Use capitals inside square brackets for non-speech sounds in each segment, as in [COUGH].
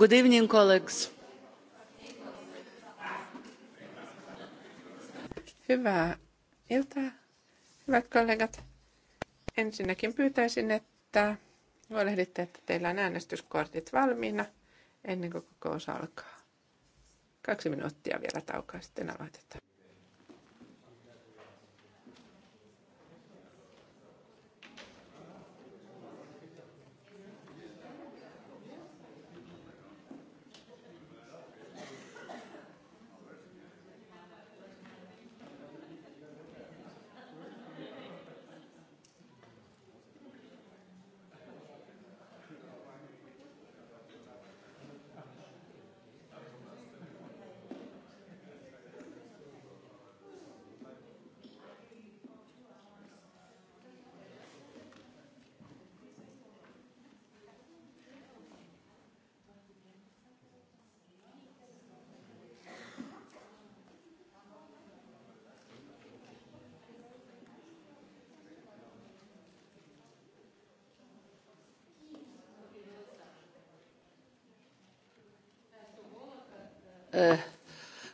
Good evening, colleagues. Hyvää iltaa, hyvät kollegat. Ensinnäkin pyytäisin, että huolehditte, että teillä on äänestyskortit valmiina ennen kuin kokous alkaa. Kaksi minuuttia vielä taukoa sitten aloitetaan.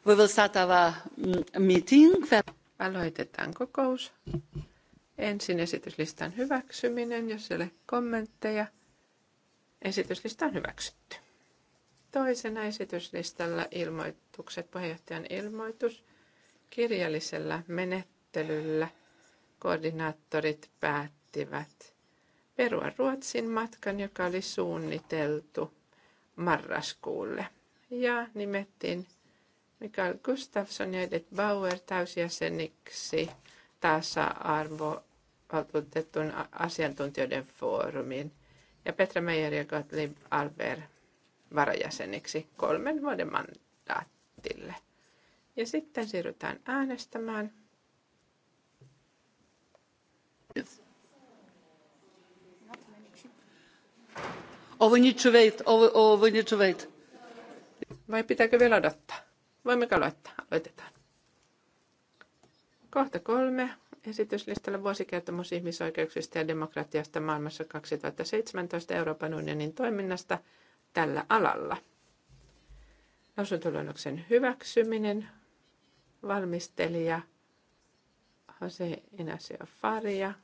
we will start our mm, meeting. Aloitetaan kokous. Ensin esityslistan hyväksyminen, jos ei ole kommentteja. Esityslista on hyväksytty. Toisena esityslistalla ilmoitukset, puheenjohtajan ilmoitus kirjallisella menettelyllä koordinaattorit päättivät perua Ruotsin matkan, joka oli suunniteltu marraskuulle ja nimettiin Mikael Gustafsson ja Edith Bauer täysjäseniksi tasa-arvovaltuutetun asiantuntijoiden foorumiin ja Petra Meijer ja Gottlieb Albert varajäseniksi kolmen vuoden mandaattille. Ja sitten siirrytään äänestämään. Yes. Oh, we need to wait. Oh, oh, we need to wait. Vai pitääkö vielä odottaa? Voimmeko aloittaa? Aloitetaan. Kohta kolme. Esityslistalla vuosikertomus ihmisoikeuksista ja demokratiasta maailmassa 2017 Euroopan unionin toiminnasta tällä alalla. Lausuntoluonnoksen hyväksyminen, valmistelija Jose Inasio Faria.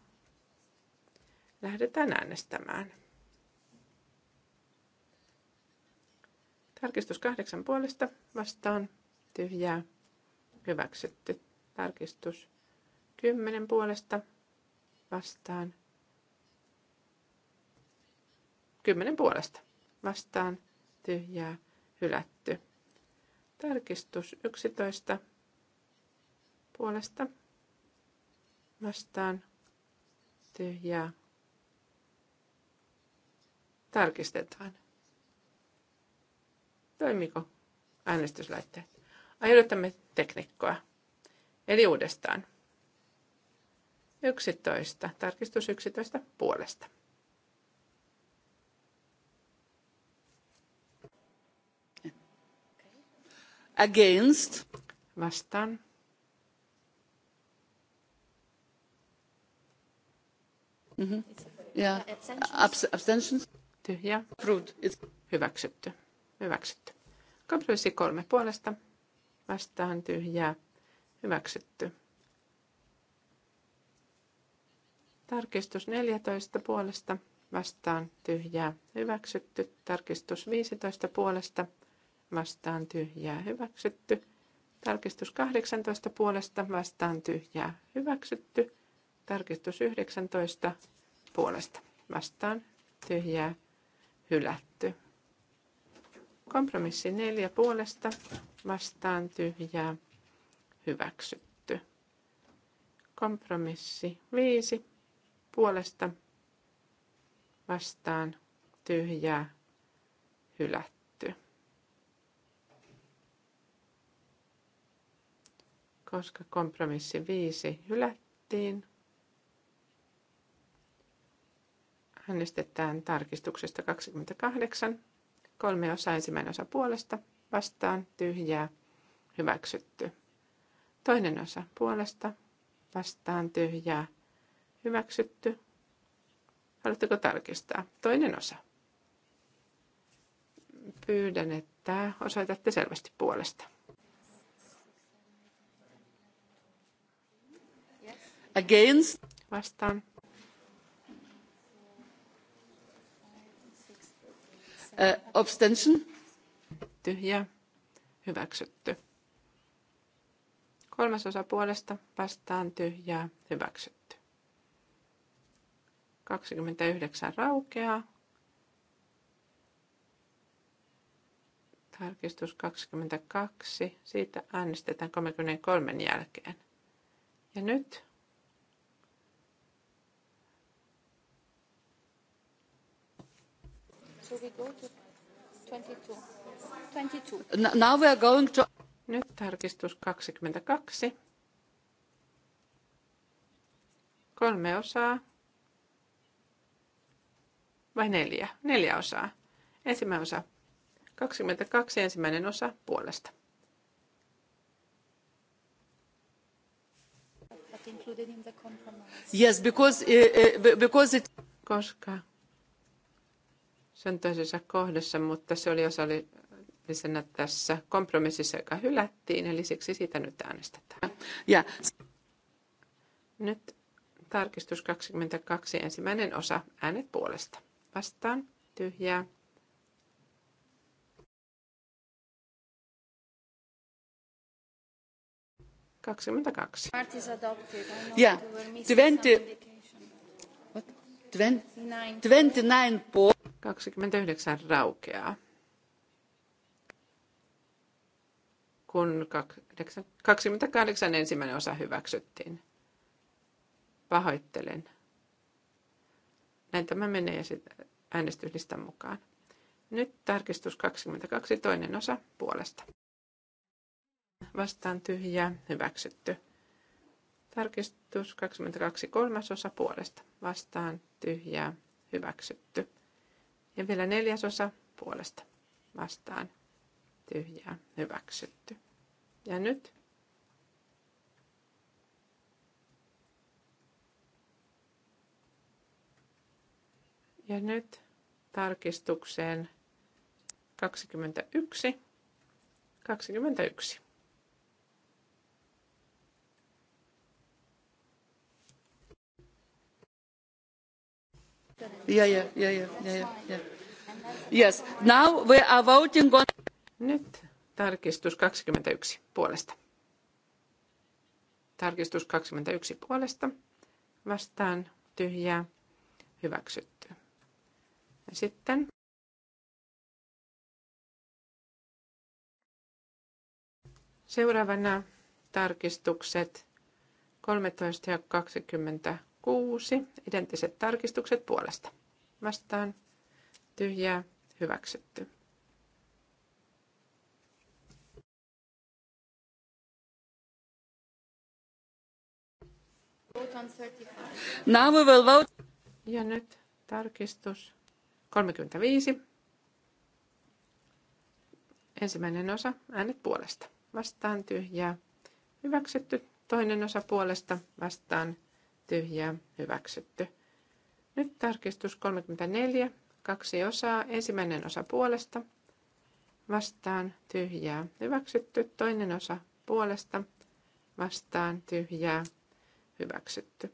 Lähdetään äänestämään. Tarkistus kahdeksan puolesta vastaan tyhjää hyväksytty. Tarkistus kymmenen puolesta vastaan. Kymmenen puolesta vastaan tyhjää hylätty. Tarkistus 11 puolesta vastaan tyhjää tarkistetaan. Toimiko äänestyslaitteet? Ajoitamme teknikkoa. Eli uudestaan. 11. Tarkistus 11 puolesta. Against. Vastaan. Mm-hmm. Yeah. Abstentions. Tyhjä. Fruit. It's... Hyväksytty. Hyväksytty. Kompromissi kolme puolesta. Vastaan tyhjää. Hyväksytty. Tarkistus 14 puolesta. Vastaan tyhjää. Hyväksytty. Tarkistus 15 puolesta. Vastaan tyhjää. Hyväksytty. Tarkistus 18 puolesta. Vastaan tyhjää. Hyväksytty. Tarkistus 19 puolesta. Vastaan tyhjää. Hylätty Kompromissi neljä puolesta vastaan tyhjää hyväksytty. Kompromissi viisi puolesta vastaan tyhjää hylätty. Koska kompromissi viisi hylättiin, äänestetään tarkistuksesta 28 Kolme osa ensimmäinen osa puolesta vastaan tyhjää hyväksytty. Toinen osa puolesta vastaan tyhjää hyväksytty. Haluatteko tarkistaa? Toinen osa. Pyydän, että osoitatte selvästi puolesta. Against. Vastaan. Abstention. Tyhjää. Hyväksytty. Kolmasosa puolesta vastaan tyhjää. Hyväksytty. 29 raukeaa. Tarkistus 22. Siitä äänestetään 33 jälkeen. Ja nyt Now we are going to... Nyt tarkistus 22. Kolme osaa. Vai neljä? Neljä osaa. Ensimmäinen osa. 22 ensimmäinen osa puolesta. Yes, because, uh, because it... Koska sen toisessa kohdassa, mutta se oli osallisena tässä kompromississa, joka hylättiin, eli siksi siitä nyt äänestetään. Ja Nyt tarkistus 22, ensimmäinen osa, äänet puolesta. Vastaan, tyhjää. Kaksikymmentäkaksi. ja 20, 29 29 raukeaa. Kun 28 ensimmäinen osa hyväksyttiin. Pahoittelen. Näin tämä menee ja sitten äänestyslistan mukaan. Nyt tarkistus 22 toinen osa puolesta. Vastaan tyhjää, hyväksytty. Tarkistus 22 osa puolesta. Vastaan tyhjää, hyväksytty. Ja vielä neljäsosa puolesta vastaan tyhjää hyväksytty. Ja nyt Ja nyt tarkistukseen 21. 21 Yeah, yeah, yeah, yeah, yeah, yeah. Yes, now we are voting on... Nyt tarkistus 21 puolesta. Tarkistus 21 puolesta. Vastaan tyhjää. Hyväksytty. Ja sitten Seuraavana tarkistukset 13 ja 20 6. Identtiset tarkistukset puolesta. Vastaan tyhjää hyväksytty. Now we will vote. Ja nyt tarkistus 35. Ensimmäinen osa, äänet puolesta. Vastaan tyhjää. Hyväksytty. Toinen osa puolesta vastaan tyhjää, hyväksytty. Nyt tarkistus 34, kaksi osaa, ensimmäinen osa puolesta, vastaan, tyhjää, hyväksytty, toinen osa puolesta, vastaan, tyhjää, hyväksytty.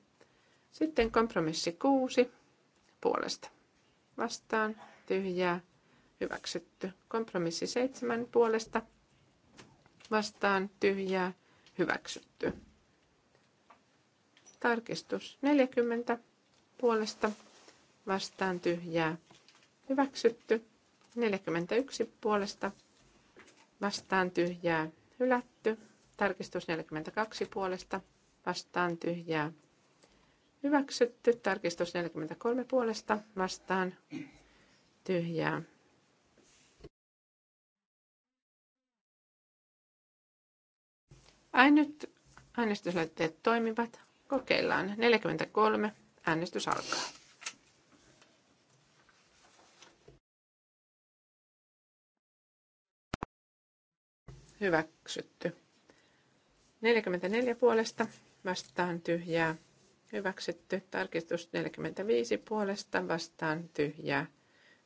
Sitten kompromissi 6, puolesta, vastaan, tyhjää, hyväksytty. Kompromissi 7, puolesta, vastaan, tyhjää, hyväksytty. Tarkistus 40 puolesta vastaan tyhjää. Hyväksytty. 41 puolesta vastaan tyhjää. Hylätty. Tarkistus 42 puolesta vastaan tyhjää. Hyväksytty. Tarkistus 43 puolesta vastaan tyhjää. Ainut äänestyslaitteet toimivat. Kokeillaan. 43. Äänestys alkaa. Hyväksytty. 44 puolesta vastaan tyhjää. Hyväksytty. Tarkistus 45 puolesta vastaan tyhjää.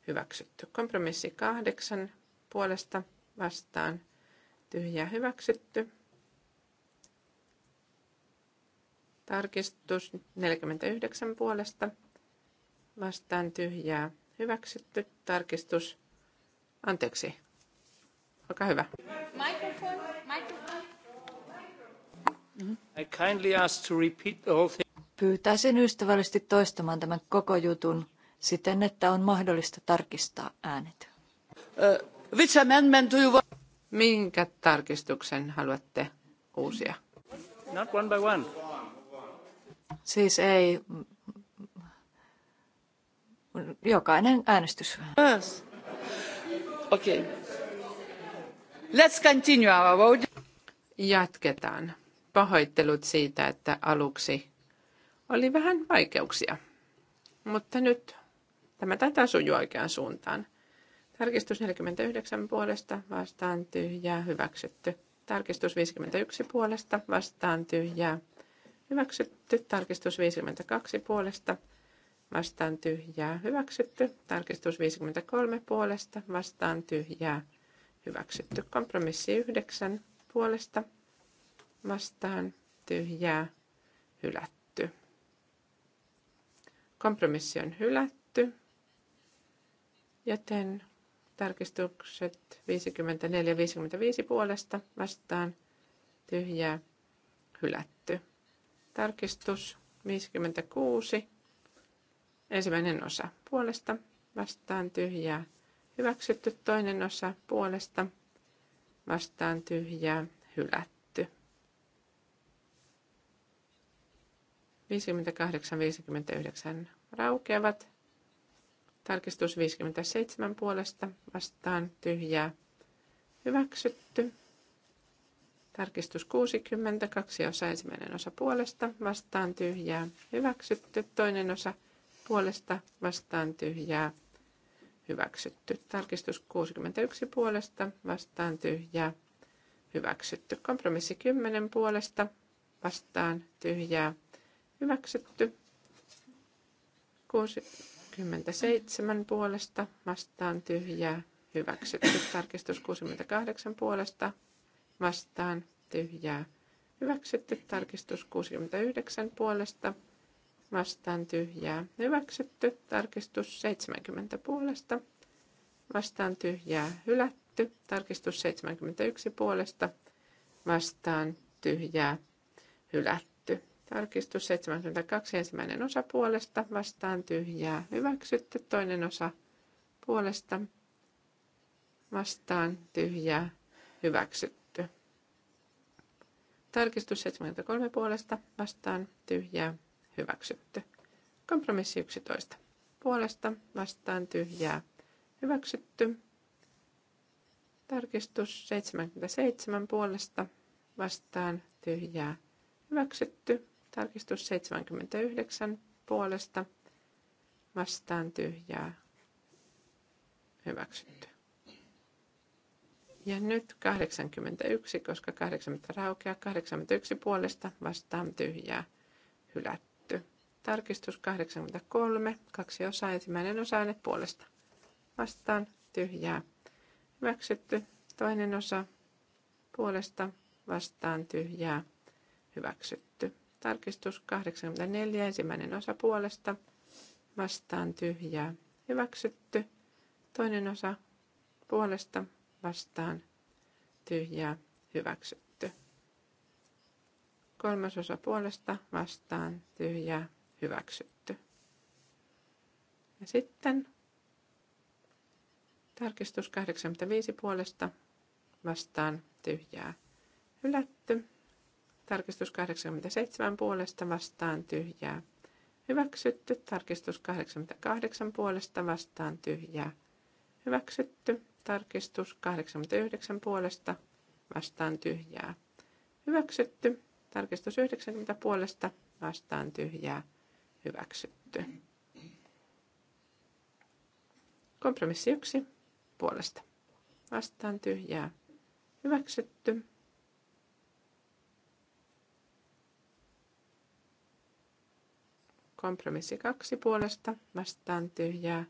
Hyväksytty. Kompromissi 8 puolesta vastaan tyhjää. Hyväksytty. Tarkistus 49 puolesta vastaan tyhjää hyväksytty. Tarkistus, anteeksi, olkaa hyvä. Mm-hmm. I kindly ask to repeat the whole thing. Pyytäisin ystävällisesti toistamaan tämän koko jutun siten, että on mahdollista tarkistaa äänet. Uh, which amendment do you want? Minkä tarkistuksen haluatte uusia? Not one by one. Siis ei... Jokainen äänestys. Yes. Okei. Okay. Let's continue our vote. Jatketaan. Pahoittelut siitä, että aluksi oli vähän vaikeuksia. Mutta nyt tämä taitaa sujua oikeaan suuntaan. Tarkistus 49 puolesta vastaan tyhjää hyväksytty. Tarkistus 51 puolesta vastaan tyhjää Hyväksytty. Tarkistus 52 puolesta vastaan tyhjää. Hyväksytty. Tarkistus 53 puolesta vastaan tyhjää. Hyväksytty. Kompromissi 9 puolesta vastaan tyhjää. Hylätty. Kompromissi on hylätty, joten tarkistukset 54-55 puolesta vastaan tyhjää hylätty. Tarkistus 56. Ensimmäinen osa puolesta. Vastaan tyhjää. Hyväksytty toinen osa puolesta. Vastaan tyhjää. Hylätty. 58-59 raukeavat. Tarkistus 57 puolesta. Vastaan tyhjää. Hyväksytty. Tarkistus 60, kaksi osa ensimmäinen osa puolesta, vastaan tyhjää, hyväksytty. Toinen osa puolesta, vastaan tyhjää, hyväksytty. Tarkistus 61 puolesta, vastaan tyhjää, hyväksytty. Kompromissi 10 puolesta, vastaan tyhjää, hyväksytty. 67 puolesta, vastaan tyhjää, hyväksytty. Tarkistus 68 puolesta, vastaan tyhjää. Hyväksytty tarkistus 69 puolesta vastaan tyhjää. Hyväksytty tarkistus 70 puolesta vastaan tyhjää. Hylätty tarkistus 71 puolesta vastaan tyhjää. Hylätty. Tarkistus 72 ensimmäinen osa puolesta vastaan tyhjää. Hyväksytty toinen osa puolesta vastaan tyhjää. Hyväksytty Tarkistus 73 puolesta vastaan tyhjää hyväksytty. Kompromissi 11 puolesta vastaan tyhjää hyväksytty. Tarkistus 77 puolesta vastaan tyhjää hyväksytty. Tarkistus 79 puolesta vastaan tyhjää hyväksytty. Ja nyt 81, koska 80 raukeaa, 81 puolesta vastaan tyhjää hylätty. Tarkistus 83, kaksi osaa, ensimmäinen osa puolesta. Vastaan tyhjää hyväksytty, toinen osa puolesta vastaan tyhjää hyväksytty. Tarkistus 84, ensimmäinen osa puolesta vastaan tyhjää hyväksytty, toinen osa puolesta vastaan tyhjää hyväksytty. Kolmasosa puolesta vastaan tyhjää hyväksytty. Ja sitten tarkistus 85 puolesta vastaan tyhjää hylätty. Tarkistus 87 puolesta vastaan tyhjää hyväksytty. Tarkistus 88 puolesta vastaan tyhjää hyväksytty. Tarkistus 89 puolesta vastaan tyhjää. Hyväksytty. Tarkistus 90 puolesta vastaan tyhjää. Hyväksytty. Kompromissi 1 puolesta vastaan tyhjää. Hyväksytty. Kompromissi 2 puolesta vastaan tyhjää.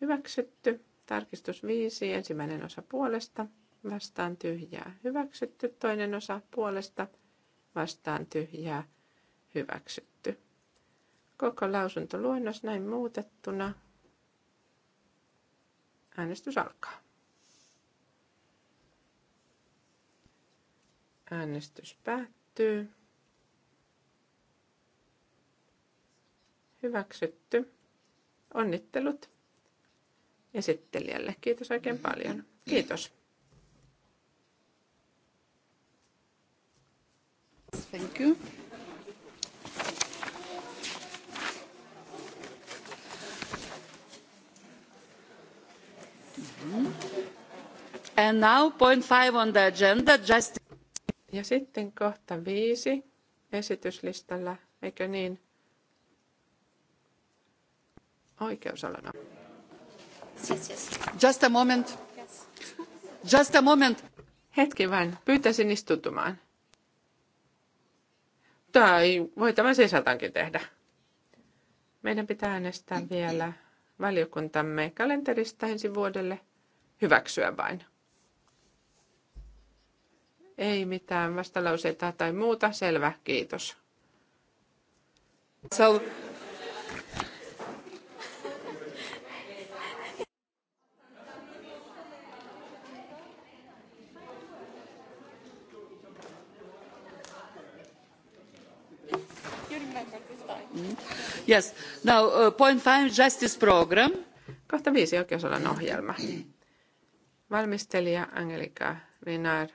Hyväksytty. Tarkistus 5, ensimmäinen osa puolesta, vastaan tyhjää, hyväksytty. Toinen osa puolesta, vastaan tyhjää, hyväksytty. Koko lausuntoluennos näin muutettuna. Äänestys alkaa. Äänestys päättyy. Hyväksytty. Onnittelut esittelijälle. Kiitos oikein paljon. Kiitos. Thank you. Mm-hmm. And now point five on the agenda, just... Ja sitten kohta viisi esityslistalla, eikö niin? Oikeusalana. Just a moment. Just a moment. Hetki vain. Pyytäisin istutumaan. Tai voi tämä sisältäänkin tehdä. Meidän pitää äänestää vielä valiokuntamme kalenterista ensi vuodelle. Hyväksyä vain. Ei mitään vastalauseita tai muuta. Selvä, kiitos. So Yes. Now, uh, point five, justice program. Kohta viisi oikeusalan ohjelma. Valmistelija Angelika Rinar.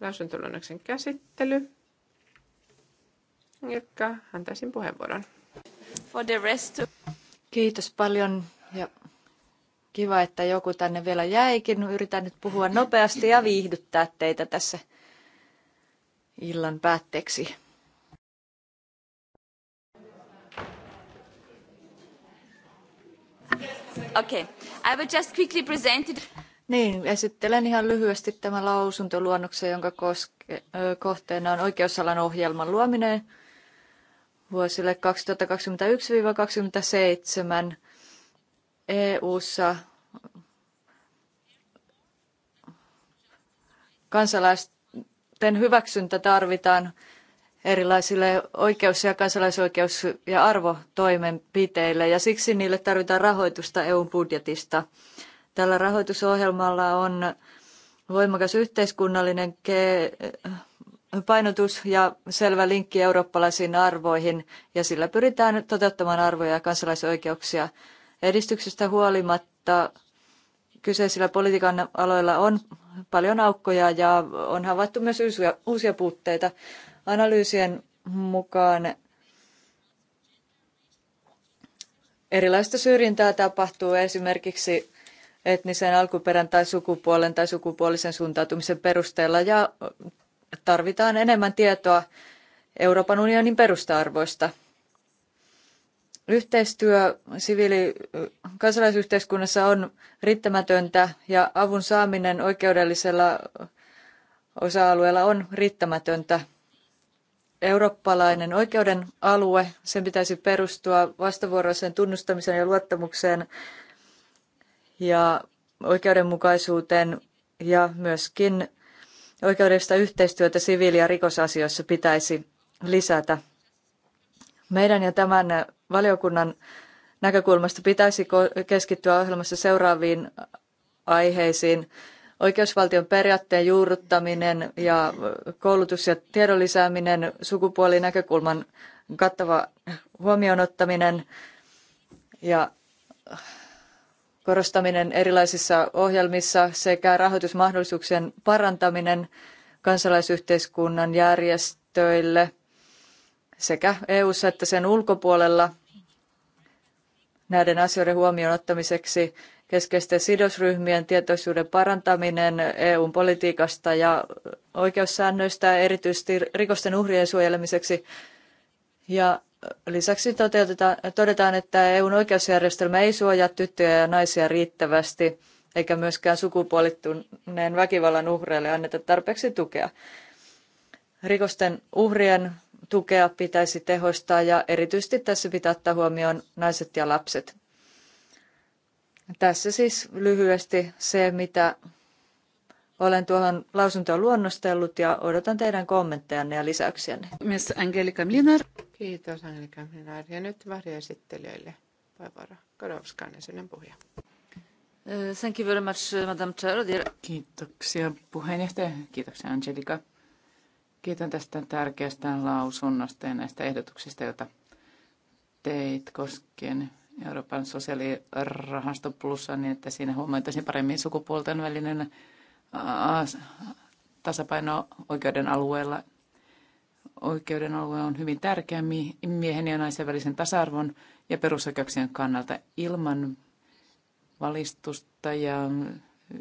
Lausuntoluonnoksen käsittely. Ilkka, antaisin puheenvuoron. For the rest Kiitos paljon ja kiva, että joku tänne vielä jäikin. Yritän nyt puhua nopeasti ja viihdyttää teitä tässä illan päätteeksi. Niin, esittelen ihan lyhyesti tämän lausuntoluonnoksen, jonka koske, kohteena on oikeusalan ohjelman luominen vuosille 2021-2027 EU-ssa kansalaisten hyväksyntä tarvitaan erilaisille oikeus- ja kansalaisoikeus- ja arvotoimenpiteille ja siksi niille tarvitaan rahoitusta EUn budjetista. Tällä rahoitusohjelmalla on voimakas yhteiskunnallinen painotus ja selvä linkki eurooppalaisiin arvoihin ja sillä pyritään toteuttamaan arvoja ja kansalaisoikeuksia. Edistyksestä huolimatta kyseisillä politiikan aloilla on paljon aukkoja ja on havaittu myös uusia puutteita. Analyysien mukaan erilaista syrjintää tapahtuu esimerkiksi etnisen alkuperän tai sukupuolen tai sukupuolisen suuntautumisen perusteella ja tarvitaan enemmän tietoa Euroopan unionin perustarvoista. Yhteistyö siviili- kansalaisyhteiskunnassa on riittämätöntä ja avun saaminen oikeudellisella osa-alueella on riittämätöntä – eurooppalainen oikeuden alue, sen pitäisi perustua vastavuoroiseen tunnustamiseen ja luottamukseen ja oikeudenmukaisuuteen ja myöskin oikeudellista yhteistyötä siviili- ja rikosasioissa pitäisi lisätä. Meidän ja tämän valiokunnan näkökulmasta pitäisi keskittyä ohjelmassa seuraaviin aiheisiin oikeusvaltion periaatteen juurruttaminen ja koulutus ja tiedon lisääminen, sukupuolinäkökulman kattava huomioon ottaminen ja korostaminen erilaisissa ohjelmissa sekä rahoitusmahdollisuuksien parantaminen kansalaisyhteiskunnan järjestöille sekä EU:ssa että sen ulkopuolella näiden asioiden huomioon ottamiseksi keskeisten sidosryhmien tietoisuuden parantaminen EUn politiikasta ja oikeussäännöistä erityisesti rikosten uhrien suojelemiseksi. Ja lisäksi todetaan, että EUn oikeusjärjestelmä ei suojaa tyttöjä ja naisia riittävästi eikä myöskään sukupuolittuneen väkivallan uhreille anneta tarpeeksi tukea. Rikosten uhrien tukea pitäisi tehostaa ja erityisesti tässä pitää ottaa huomioon naiset ja lapset. Tässä siis lyhyesti se, mitä olen tuohon lausuntoon luonnostellut ja odotan teidän kommenttejanne ja lisäyksiänne. Miss Angelika Mlinar. Kiitos Angelika Mlinar. Ja nyt varjoesittelijöille puheenvuoro. Kodovska on puhuja. Eh, thank you very much, eh, Madam Chair. Kiitoksia puheenjohtaja. Kiitoksia Angelika. Kiitän tästä tärkeästä lausunnosta ja näistä ehdotuksista, joita teit koskien Euroopan sosiaalirahasto plussa, niin että siinä huomioitaisiin paremmin sukupuolten välinen tasapaino oikeuden alueella. Oikeuden alue on hyvin tärkeä miehen ja naisen välisen tasa-arvon ja perusoikeuksien kannalta ilman valistusta ja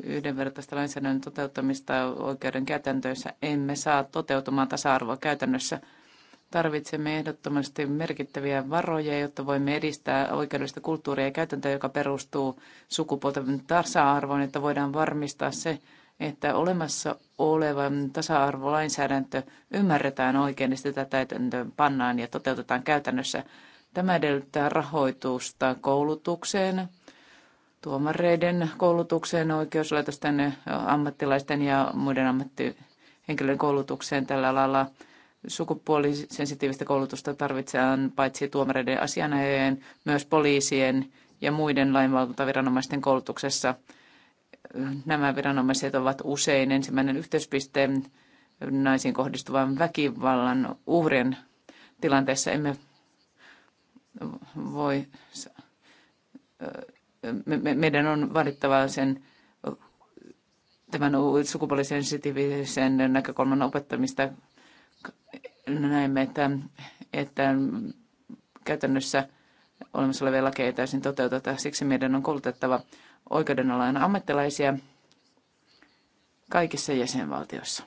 yhdenvertaista lainsäädännön toteuttamista oikeuden käytäntöissä emme saa toteutumaan tasa-arvoa käytännössä – Tarvitsemme ehdottomasti merkittäviä varoja, jotta voimme edistää oikeudellista kulttuuria ja käytäntöä, joka perustuu sukupuolten tasa-arvoon, että voidaan varmistaa se, että olemassa olevan tasa-arvolainsäädäntö ymmärretään oikein ja sitä täytäntöön pannaan ja toteutetaan käytännössä. Tämä edellyttää rahoitusta koulutukseen, tuomareiden koulutukseen, oikeuslaitosten ammattilaisten ja muiden ammattihenkilöiden koulutukseen tällä alalla – sukupuolisensitiivistä koulutusta tarvitaan paitsi tuomareiden asianajajien, myös poliisien ja muiden lainvalvontaviranomaisten koulutuksessa. Nämä viranomaiset ovat usein ensimmäinen yhteyspiste naisiin kohdistuvan väkivallan uhrien tilanteessa. Emme voi, meidän on vaadittava sen tämän sukupuolisensitiivisen näkökulman opettamista näemme, että, että käytännössä olemassa olevia lakeja ei täysin toteuteta. Siksi meidän on koulutettava oikeudenalainen ammattilaisia kaikissa jäsenvaltioissa.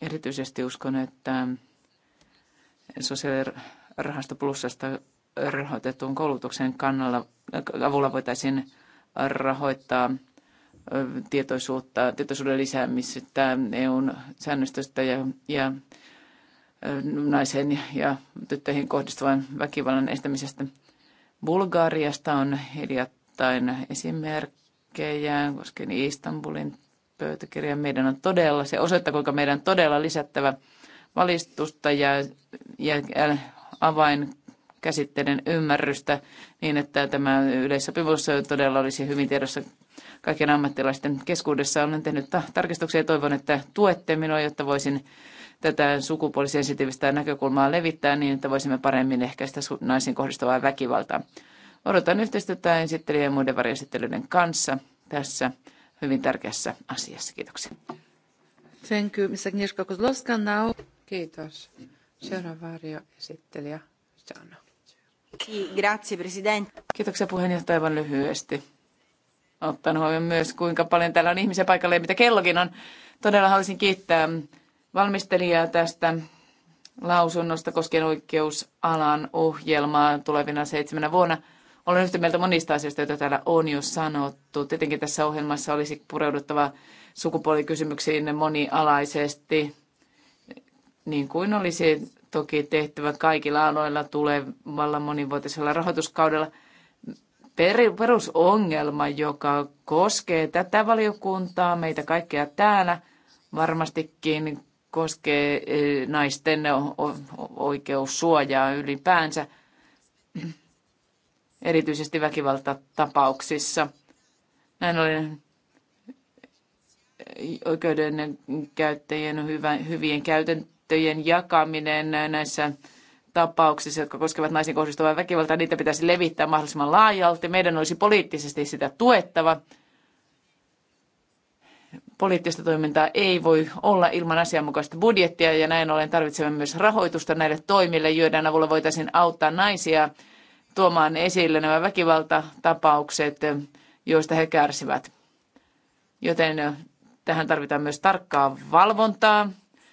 Erityisesti uskon, että sosiaalirahasto plussasta rahoitetun koulutuksen kannalla, avulla voitaisiin rahoittaa tietoisuutta, tietoisuuden lisäämistä EUn säännöstöstä ja, ja naisen ja tyttöihin kohdistuvan väkivallan estämisestä. Bulgariasta on hiljattain esimerkkejä koskien Istanbulin pöytäkirjaa. Meidän on todella, se osoittaa kuinka meidän todella lisättävä valistusta ja, ja avain käsitteiden ymmärrystä niin, että tämä yleissopimus todella olisi hyvin tiedossa kaiken ammattilaisten keskuudessa. Olen tehnyt tarkistuksia ja toivon, että tuette minua, jotta voisin tätä sukupuolisensitiivistä näkökulmaa levittää niin, että voisimme paremmin ehkäistä naisiin kohdistuvaa väkivaltaa. Odotan yhteistyötä esittelijä ja muiden varjoesittelyiden kanssa tässä hyvin tärkeässä asiassa. Kiitoksia. Thank you, Miss Agnieszka Kozlowska. Now. Kiitos. Seuraava varjoesittelijä esittelijä. Grazie, Presidente. Kiitoksia puheenjohtaja aivan lyhyesti ottanut huomioon myös, kuinka paljon täällä on ihmisiä paikalla ja mitä kellokin on. Todella haluaisin kiittää valmistelijaa tästä lausunnosta koskien oikeusalan ohjelmaa tulevina seitsemänä vuonna. Olen yhtä mieltä monista asioista, joita täällä on jo sanottu. Tietenkin tässä ohjelmassa olisi pureuduttava sukupuolikysymyksiin monialaisesti, niin kuin olisi toki tehtävä kaikilla aloilla tulevalla monivuotisella rahoituskaudella – perusongelma, joka koskee tätä valiokuntaa, meitä kaikkea täällä, varmastikin koskee e, naisten oikeussuojaa ylipäänsä, erityisesti väkivaltatapauksissa. Näin ollen oikeuden käyttäjien hyvien käytäntöjen jakaminen näissä tapauksissa, jotka koskevat naisiin kohdistuvaa väkivaltaa, niitä pitäisi levittää mahdollisimman laajalti. Meidän olisi poliittisesti sitä tuettava. Poliittista toimintaa ei voi olla ilman asianmukaista budjettia ja näin ollen tarvitsemme myös rahoitusta näille toimille, joiden avulla voitaisiin auttaa naisia tuomaan esille nämä väkivaltatapaukset, joista he kärsivät. Joten tähän tarvitaan myös tarkkaa valvontaa,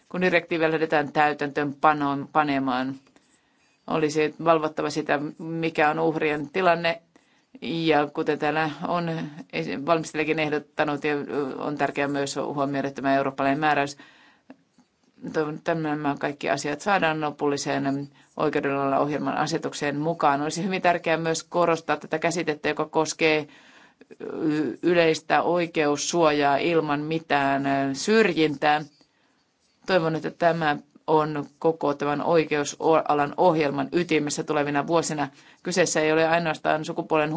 kun direktiiviä lähdetään täytäntöön panemaan olisi valvottava sitä, mikä on uhrien tilanne. Ja kuten täällä on valmistelijakin ehdottanut, ja on tärkeää myös huomioida tämä eurooppalainen määräys, Tämä kaikki asiat saadaan lopulliseen oikeudellisella ohjelman asetukseen mukaan. Olisi hyvin tärkeää myös korostaa tätä käsitettä, joka koskee yleistä oikeussuojaa ilman mitään syrjintää. Toivon, että tämä on koko tämän oikeusalan ohjelman ytimessä tulevina vuosina. Kyseessä ei ole ainoastaan sukupuolen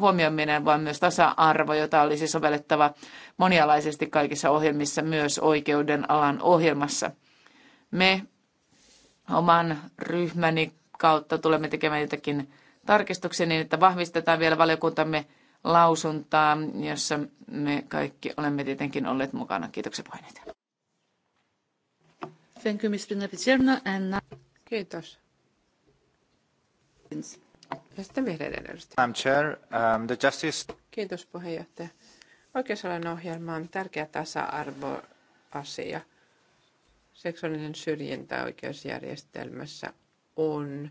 huomioiminen, vaan myös tasa-arvo, jota olisi sovellettava monialaisesti kaikissa ohjelmissa, myös oikeuden alan ohjelmassa. Me oman ryhmäni kautta tulemme tekemään jotakin tarkistuksia niin, että vahvistetaan vielä valiokuntamme lausuntaa, jossa me kaikki olemme tietenkin olleet mukana. Kiitoksia puheenjohtaja. Thank um, Kiitos. puheenjohtaja. Oikeusalan ohjelma on tärkeä tasa-arvoasia. Seksuaalinen syrjintä oikeusjärjestelmässä on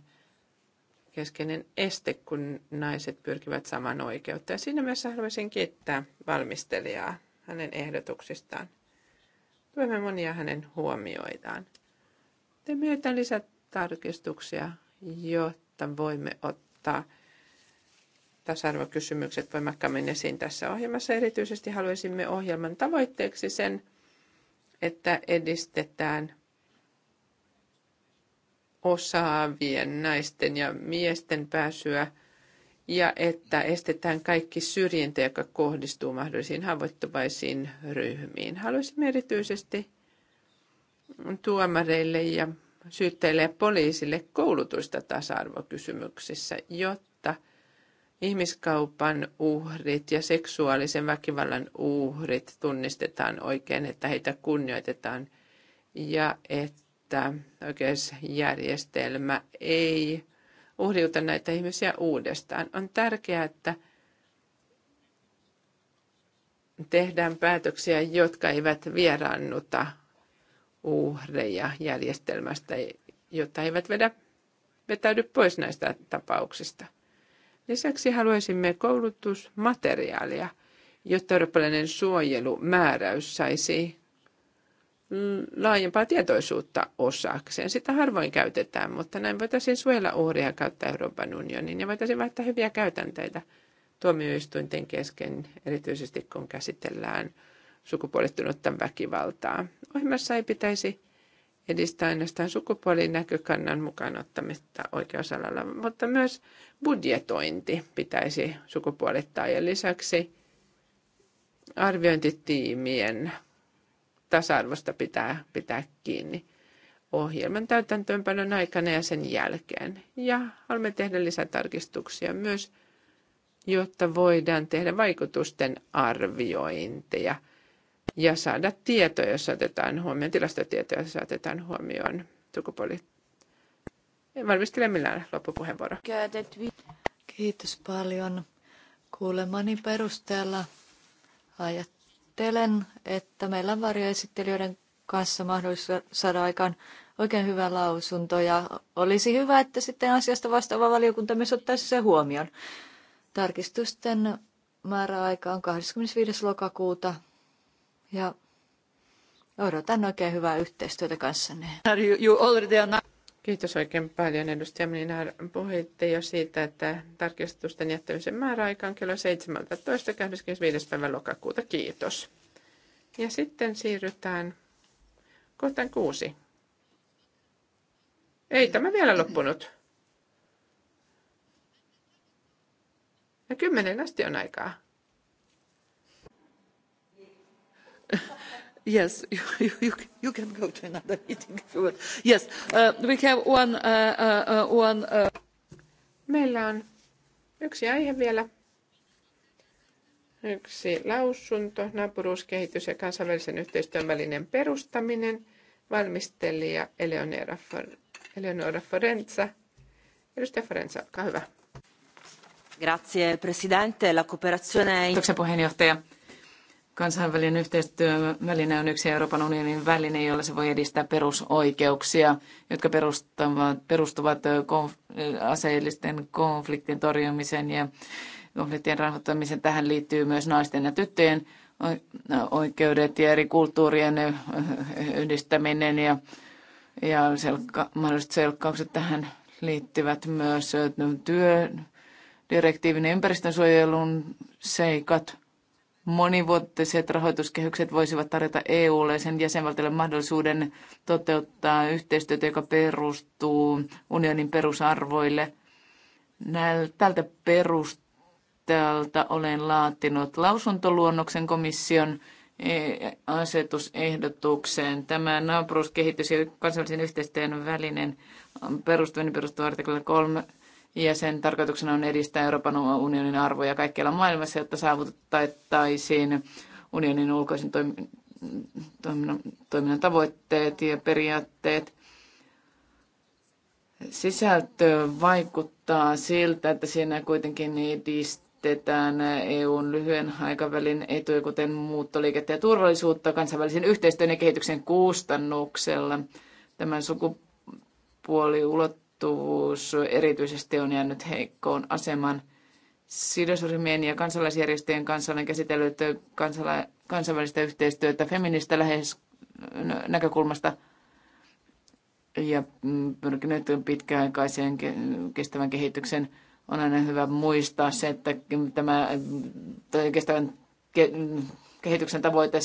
keskeinen este, kun naiset pyrkivät saman oikeuteen. Siinä mielessä haluaisin kiittää valmistelijaa hänen ehdotuksistaan. Tuemme monia hänen huomioitaan. Te myötä lisätarkistuksia, jotta voimme ottaa tasa-arvokysymykset voimakkaammin esiin tässä ohjelmassa. Erityisesti haluaisimme ohjelman tavoitteeksi sen, että edistetään osaavien naisten ja miesten pääsyä ja että estetään kaikki syrjintä, joka kohdistuu mahdollisiin haavoittuvaisiin ryhmiin. Haluaisimme erityisesti tuomareille ja syyttäjille ja poliisille koulutusta tasa-arvokysymyksissä, jotta ihmiskaupan uhrit ja seksuaalisen väkivallan uhrit tunnistetaan oikein, että heitä kunnioitetaan ja että oikeusjärjestelmä ei uhriuta näitä ihmisiä uudestaan. On tärkeää, että tehdään päätöksiä, jotka eivät vieraannuta uhreja järjestelmästä, jotta eivät vedä, vetäydy pois näistä tapauksista. Lisäksi haluaisimme koulutusmateriaalia, jotta eurooppalainen suojelumääräys saisi Mm, laajempaa tietoisuutta osakseen. Sitä harvoin käytetään, mutta näin voitaisiin suojella uhria kautta Euroopan unionin ja voitaisiin vaihtaa hyviä käytänteitä tuomioistuinten kesken, erityisesti kun käsitellään sukupuolittunutta väkivaltaa. Ohjelmassa ei pitäisi edistää ainoastaan sukupuolinäkökannan mukaan ottamista oikeusalalla, mutta myös budjetointi pitäisi sukupuolittaa ja lisäksi arviointitiimien tasa-arvosta pitää pitää kiinni ohjelman täytäntöönpanon aikana ja sen jälkeen. Ja haluamme tehdä lisätarkistuksia myös, jotta voidaan tehdä vaikutusten arviointeja ja saada tietoja, jos otetaan huomioon, tilastotietoja, jos otetaan huomioon sukupuoli. Valmistelemilla loppupuheenvuoro. Kiitos paljon. Kuulemani perusteella Ajattelin. Ajattelen, että meillä on varjoesittelijöiden kanssa mahdollisuus saada aikaan oikein hyvä lausunto ja olisi hyvä, että sitten asiasta vastaava valiokunta myös ottaisi sen huomioon. Tarkistusten määräaika on 25. lokakuuta ja odotan oikein hyvää yhteistyötä kanssanne. You already Kiitos oikein paljon edustaja Minar. puhuitte jo siitä, että tarkistusten jättämisen määräaika on kello 17.25. päivä lokakuuta. Kiitos. Ja sitten siirrytään kohtaan kuusi. Ei tämä vielä loppunut. Ja kymmenen asti on aikaa. Yes, [LAUGHS] you, you, you can go to another [LAUGHS] meeting if you want. Yes, uh, we have one, uh, uh, uh, one, uh... Meillä on yksi aihe vielä. Yksi lausunto, naapuruuskehitys ja kansainvälisen yhteistyön välinen perustaminen, valmistelija Eleonora, For, Eleonora Forenza. Edustaja Forenza, olkaa hyvä. Grazie, presidente. La cooperazione... Kiitoksia puheenjohtaja. Kansainvälinen yhteistyöväline on yksi Euroopan unionin väline, jolla se voi edistää perusoikeuksia, jotka perustuvat konf- aseellisten konfliktien torjumiseen ja konfliktien rahoittamiseen. Tähän liittyy myös naisten ja tyttöjen no, oikeudet ja eri kulttuurien yhdistäminen ja, ja selkka- mahdolliset selkkaukset tähän liittyvät myös työdirektiivin ja ympäristönsuojelun seikat – monivuotiset rahoituskehykset voisivat tarjota EUlle ja sen jäsenvaltiolle mahdollisuuden toteuttaa yhteistyötä, joka perustuu unionin perusarvoille. Tältä perusteelta olen laatinut lausuntoluonnoksen komission e, asetusehdotukseen. Tämä naapuruuskehitys ja kansainvälisen yhteistyön välinen perustuminen perustuu artikla 3 ja sen tarkoituksena on edistää Euroopan unionin arvoja kaikkialla maailmassa, jotta saavutettaisiin unionin ulkoisen toiminnan, toiminnan tavoitteet ja periaatteet. Sisältö vaikuttaa siltä, että siinä kuitenkin edistetään EUn lyhyen aikavälin etuja, kuten muuttoliikettä ja turvallisuutta kansainvälisen yhteistyön ja kehityksen kustannuksella. Tämän sukupuoliulot ulottuvuus erityisesti on jäänyt heikkoon asemaan. Sidosryhmien ja kansalaisjärjestöjen kanssa olen käsitellyt kansala- kansainvälistä yhteistyötä feministä lähes näkökulmasta ja pyrkinyt pitkäaikaiseen kestävän kehityksen on aina hyvä muistaa se, että tämä kestävän kehityksen tavoite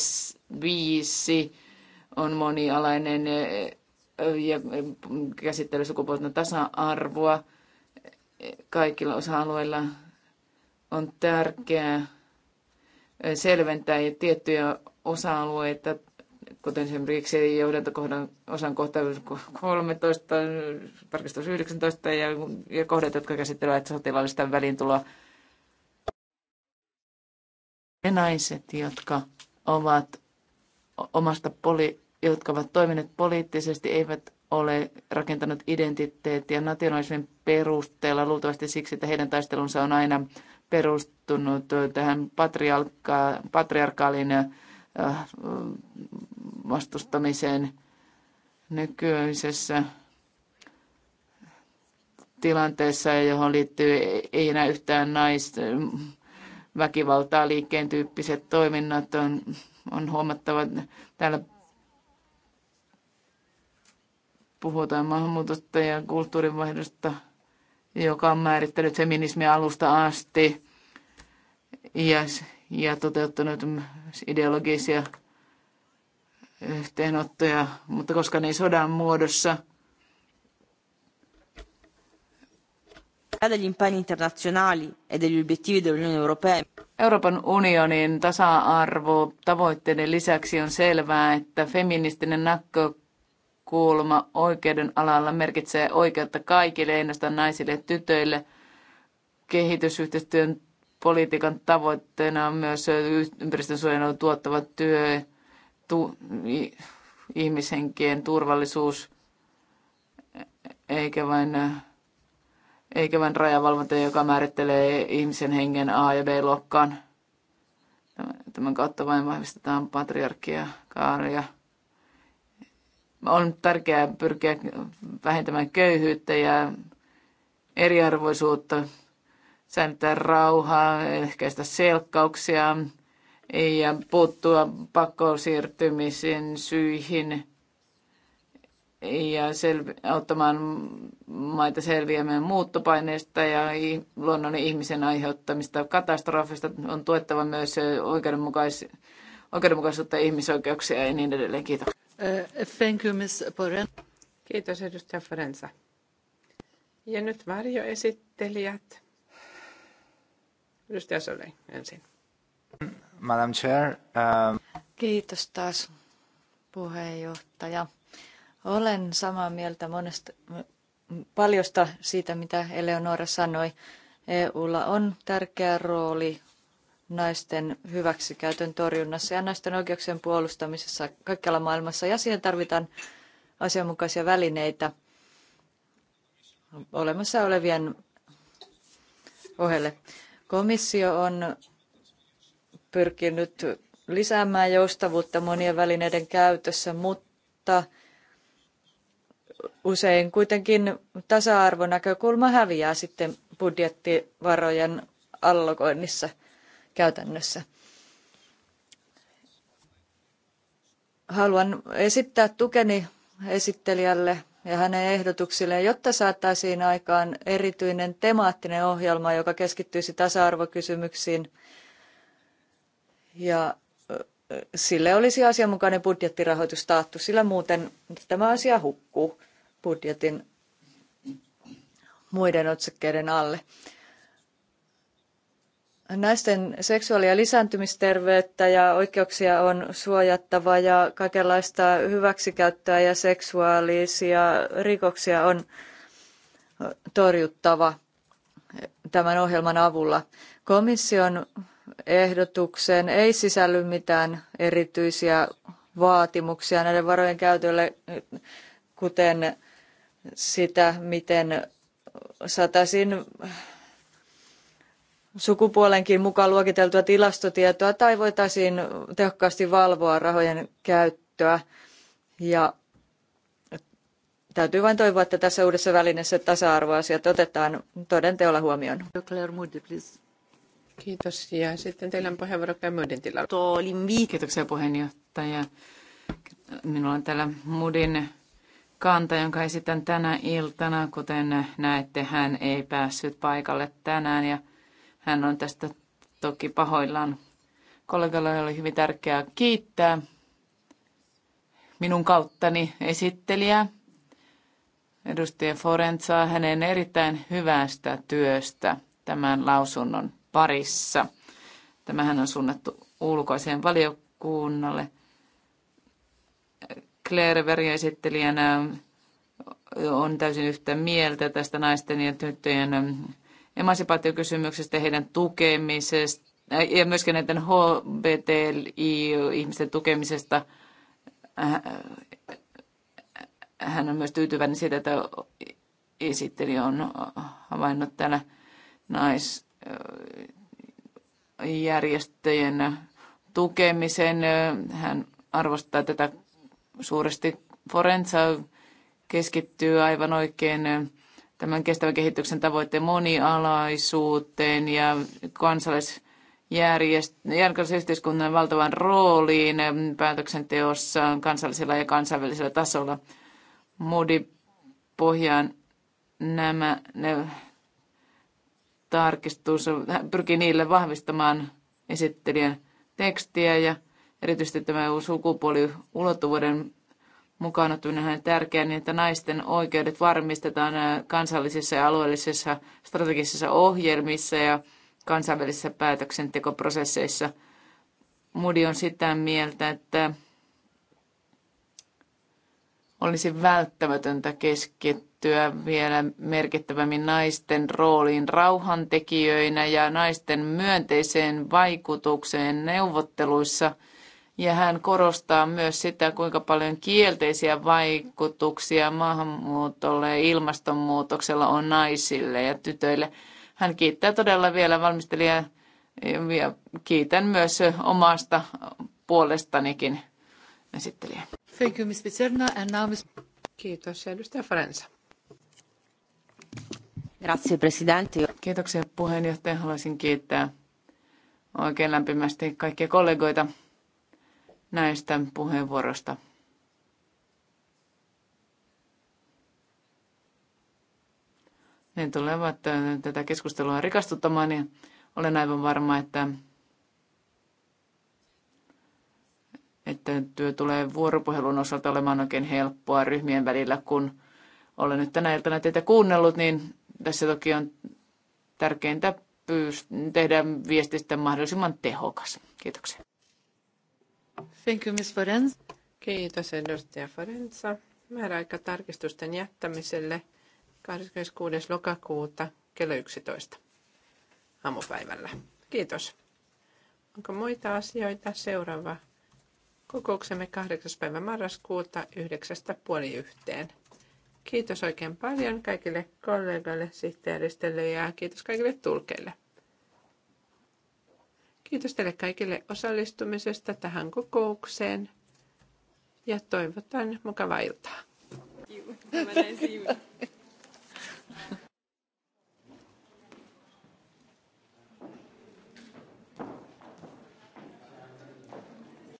viisi on monialainen ja käsittely sukupuolten tasa-arvoa kaikilla osa-alueilla on tärkeää selventää ja tiettyjä osa-alueita, kuten esimerkiksi johdantokohdan osan kohta 13, tarkistus 19 ja, ja kohdat, jotka käsittelevät sotilaallista väliintuloa. Ne naiset, jotka ovat omasta poli- jotka ovat toimineet poliittisesti, eivät ole rakentanut identiteettiä nationalismin perusteella, luultavasti siksi, että heidän taistelunsa on aina perustunut tähän patriarka- patriarkaalin äh, vastustamiseen nykyisessä tilanteessa, johon liittyy ei enää yhtään naisten väkivaltaa liikkeen tyyppiset toiminnat on, on huomattava. Täällä Puhutaan maahanmuutosta ja kulttuurinvaihdosta, joka on määrittänyt feminismiä alusta asti ja, ja toteuttanut ideologisia yhteenottoja, mutta koska ne sodan muodossa. degli impegni internazionali e degli obiettivi dell'Unione Europea. Euroopan unionin tasa-arvo tavoitteiden lisäksi on selvää, että feministinen näkö, kuulma oikeuden alalla merkitsee oikeutta kaikille, ei naisille ja tytöille. Kehitysyhteistyön politiikan tavoitteena on myös ympäristönsuojelun tuottava työ, tu, ihmishenkien turvallisuus, eikä vain, eikä vain rajavalvonta, joka määrittelee ihmisen hengen A- ja B-luokkaan. Tämän kautta vain vahvistetaan patriarkia, kaaria on tärkeää pyrkiä vähentämään köyhyyttä ja eriarvoisuutta, säilyttää rauhaa, ehkäistä selkkauksia ja puuttua pakkosiirtymisen syihin ja selvi- auttamaan maita selviämään muuttopaineista ja luonnon ihmisen aiheuttamista katastrofista. On tuettava myös oikeudenmukais- oikeudenmukaisuutta, ihmisoikeuksia ja niin edelleen. Kiitos. Uh, thank you, Ms. Forenza. Kiitos, edustaja Forenza. Ja nyt varjoesittelijät. Edustaja Soleil ensin. Madam Chair. Um... Kiitos taas, puheenjohtaja. Olen samaa mieltä monesta, paljosta siitä, mitä Eleonora sanoi. EUlla on tärkeä rooli naisten hyväksikäytön torjunnassa ja naisten oikeuksien puolustamisessa kaikkialla maailmassa. Ja siihen tarvitaan asianmukaisia välineitä olemassa olevien ohelle. Komissio on pyrkinyt lisäämään joustavuutta monien välineiden käytössä, mutta usein kuitenkin tasa-arvonäkökulma häviää sitten budjettivarojen allokoinnissa – käytännössä. Haluan esittää tukeni esittelijälle ja hänen ehdotuksilleen, jotta saataisiin aikaan erityinen temaattinen ohjelma, joka keskittyisi tasa-arvokysymyksiin ja sille olisi asianmukainen budjettirahoitus taattu, sillä muuten tämä asia hukkuu budjetin muiden otsakkeiden alle. Naisten seksuaali- ja lisääntymisterveyttä ja oikeuksia on suojattava ja kaikenlaista hyväksikäyttöä ja seksuaalisia rikoksia on torjuttava tämän ohjelman avulla. Komission ehdotukseen ei sisälly mitään erityisiä vaatimuksia näiden varojen käytölle, kuten sitä, miten saataisiin sukupuolenkin mukaan luokiteltua tilastotietoa tai voitaisiin tehokkaasti valvoa rahojen käyttöä. Ja täytyy vain toivoa, että tässä uudessa välineessä tasa-arvoasiat otetaan toden teolla huomioon. Kiitos. Ja sitten teillä on puheenvuoro Kämyydin tilalla. Kiitoksia puheenjohtaja. Minulla on täällä Mudin kanta, jonka esitän tänä iltana. Kuten näette, hän ei päässyt paikalle tänään ja hän on tästä toki pahoillaan. Kollegalle oli hyvin tärkeää kiittää minun kauttani esittelijää, edustaja Forenzaa, hänen erittäin hyvästä työstä tämän lausunnon parissa. Tämähän on suunnattu ulkoiseen valiokunnalle. Claire Veri esittelijänä on täysin yhtä mieltä tästä naisten ja tyttöjen emansipaatiokysymyksestä, heidän tukemisesta äh, ja myöskin näiden HBTI-ihmisten tukemisesta. Äh, äh, hän on myös tyytyväinen siitä, että esitteli on havainnut täällä naisjärjestöjen tukemisen. Hän arvostaa tätä suuresti. Forenza keskittyy aivan oikein tämän kestävän kehityksen tavoitteen monialaisuuteen ja kansalais järjestelmäyhteiskunnan valtavan rooliin päätöksenteossa kansallisella ja kansainvälisellä tasolla. Moody pohjaan nämä ne, tarkistus pyrkii niille vahvistamaan esittelijän tekstiä ja erityisesti tämä sukupuoliulottuvuuden mukaan ottaminen on tärkeää, niin että naisten oikeudet varmistetaan kansallisissa ja alueellisissa strategisissa ohjelmissa ja kansainvälisissä päätöksentekoprosesseissa. Mudi on sitä mieltä, että olisi välttämätöntä keskittyä vielä merkittävämmin naisten rooliin rauhantekijöinä ja naisten myönteiseen vaikutukseen neuvotteluissa – ja hän korostaa myös sitä, kuinka paljon kielteisiä vaikutuksia maahanmuutolle ja ilmastonmuutoksella on naisille ja tytöille. Hän kiittää todella vielä valmistelijaa ja kiitän myös omasta puolestanikin esittelijä. Thank you, Ms. Pizzerna, and now Ms. Kiitos, edustaja Frenza. Grazie, presidente. Kiitoksia puheenjohtaja. Haluaisin kiittää oikein lämpimästi kaikkia kollegoita näistä puheenvuoroista. Ne tulevat äh, tätä keskustelua rikastuttamaan ja olen aivan varma, että, että työ tulee vuoropuhelun osalta olemaan oikein helppoa ryhmien välillä, kun olen nyt tänä iltana teitä kuunnellut, niin tässä toki on tärkeintä tehdä viestistä mahdollisimman tehokas. Kiitoksia. Thank you, Ms. Forenza. Kiitos, edustaja Forenza. Määräaika tarkistusten jättämiselle 26. lokakuuta kello 11 aamupäivällä. Kiitos. Onko muita asioita? Seuraava kokouksemme 8. päivä marraskuuta 9.30 yhteen. Kiitos oikein paljon kaikille kollegoille, sihteeristölle ja kiitos kaikille tulkeille. Kiitos teille kaikille osallistumisesta tähän kokoukseen ja toivotan mukavaa iltaa. Thank you.